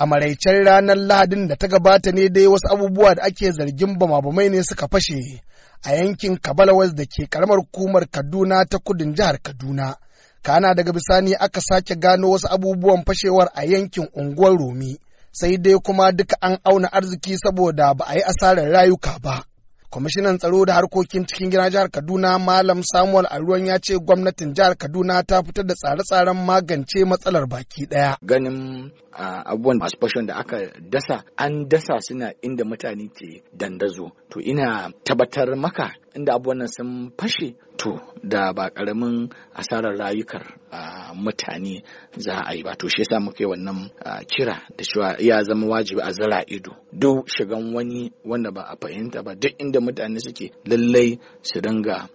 a maraicen ranar lahadin da ta gabata ne dai wasu abubuwa da ake zargin bama-bamai ne suka fashe a yankin kabalawas da ke karamar Kumar kaduna ta kudin jihar kaduna kana daga bisani aka sake gano wasu abubuwan fashewar a yankin unguwar romi sai dai kuma duka an auna arziki saboda ba a yi asarar rayuka ba kwamishinan tsaro da harkokin cikin gina jihar kaduna malam samuel aruwan ya ce gwamnatin jihar kaduna ta fitar da tsare-tsaren magance matsalar baki daya ganin abubuwan masu fashon da aka dasa an dasa suna inda mutane ke dandazo to ina tabbatar maka inda abubuwan sun fashe to da ba karamin asarar rayukar mutane za a yi ba to shi yasa muka yi wannan kira da cewa ya zama wajibi a zara ido duk shigan wani wanda ba a fahimta ba duk inda mutane suke lallai su dinga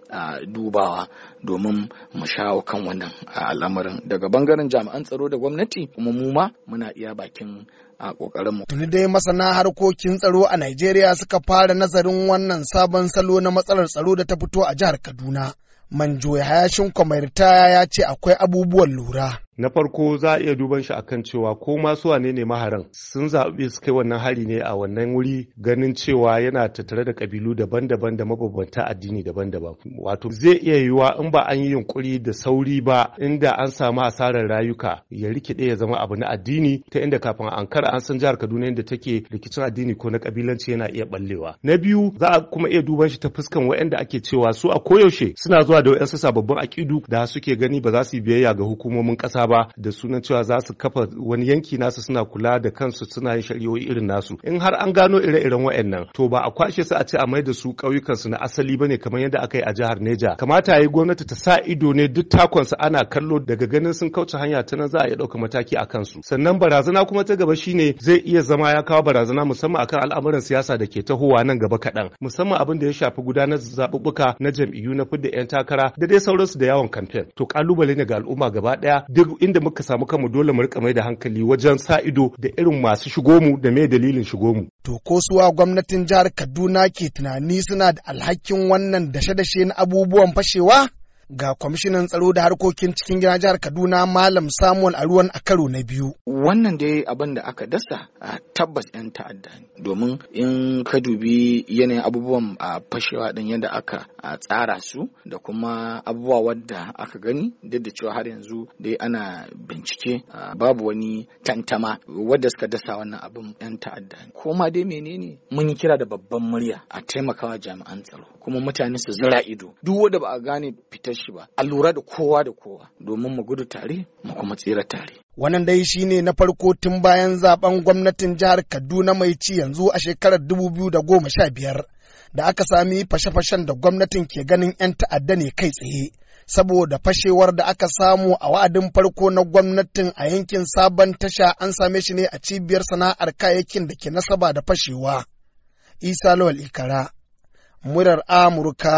dubawa domin mu shawo kan wannan al'amarin daga bangaren jami'an tsaro da gwamnati kuma mu ma muna iya bakin a ƙoƙarinmu. Tuni dai masana harkokin tsaro a Najeriya suka fara nazarin wannan sabon salo na matsalar tsaro da ta fito a jihar Kaduna. manjo hayashin kwamarita ya ce akwai abubuwan lura na farko za a iya duban shi akan cewa ko masu wane ne maharan sun zaɓi su kai wannan hari ne a wannan wuri ganin cewa yana tattare da ƙabilu daban-daban da mabambanta addini daban-daban wato zai iya yiwuwa in ba an yi yunkuri da sauri ba inda an samu asarar rayuka ya rikide ya zama abu na addini ta inda kafin an kara an san jihar kaduna inda take rikicin addini ko na ƙabilanci yana iya ballewa na biyu za a kuma iya duban shi ta fuskan waɗanda ake cewa su a koyaushe suna zuwa da wayansu sababbin akidu da suke gani ba za su yi biyayya ga hukumomin ƙasa ba da sunan cewa za su kafa wani yanki nasu suna kula da kansu suna yin shari'o'i irin nasu in har an gano ire-iren wayannan to ba a kwashe su a ce a su da su su na asali bane kamar yadda aka yi a jihar Neja kamata yi gwamnati ta sa ido ne duk takonsu ana kallo daga ganin sun kauce hanya ta nan za a iya ɗauka mataki a kansu sannan barazana kuma ta gaba shine zai iya zama ya kawo barazana musamman akan al'amuran siyasa da ke tahowa nan gaba kaɗan musamman abin da ya shafi gudanar zaɓuɓɓuka na jam'iyyu na fidda 'yan takara da dai sauransu da yawon kamfen to kalubale ne ga al'umma gaba ɗaya duk inda muka samu kanmu dole mu rika mai da hankali wajen sa ido da irin masu shigo mu da me dalilin shigo mu. To ko suwa gwamnatin jihar Kaduna ke tunani suna da alhakin wannan dashe-dashe na abubuwan fashewa? ga kwamishinan tsaro da harkokin cikin gida jihar Kaduna Malam Samuel Aruwan a karo na biyu. Wannan dai abin da aka dasa a tabbas 'yan ta'adda ne domin in ka dubi yanayin abubuwan a fashewa din yadda aka tsara su da kuma abubuwa wadda aka gani duk da cewa har yanzu dai ana bincike babu wani tantama wadda suka dasa wannan abin 'yan ta'adda ne. Koma dai menene mun yi kira da babban murya a taimakawa jami'an tsaro kuma mutane su zira ido duk wanda ba a gane fita shi ba a lura da kowa da kowa domin mu gudu tare mu kuma tsira tare wannan dai shine na farko tun bayan zaben gwamnatin jihar kaduna mai ci yanzu a shekarar 2015 da aka sami fashe-fashen da gwamnatin ke ganin 'yan ta'adda ne kai tsaye saboda fashewar da aka samu a wa'adin farko na gwamnatin a yankin sabon tasha an same shi ne a cibiyar sana'ar kayayyakin da ke nasaba da fashewa isa lawal ikara murar amurka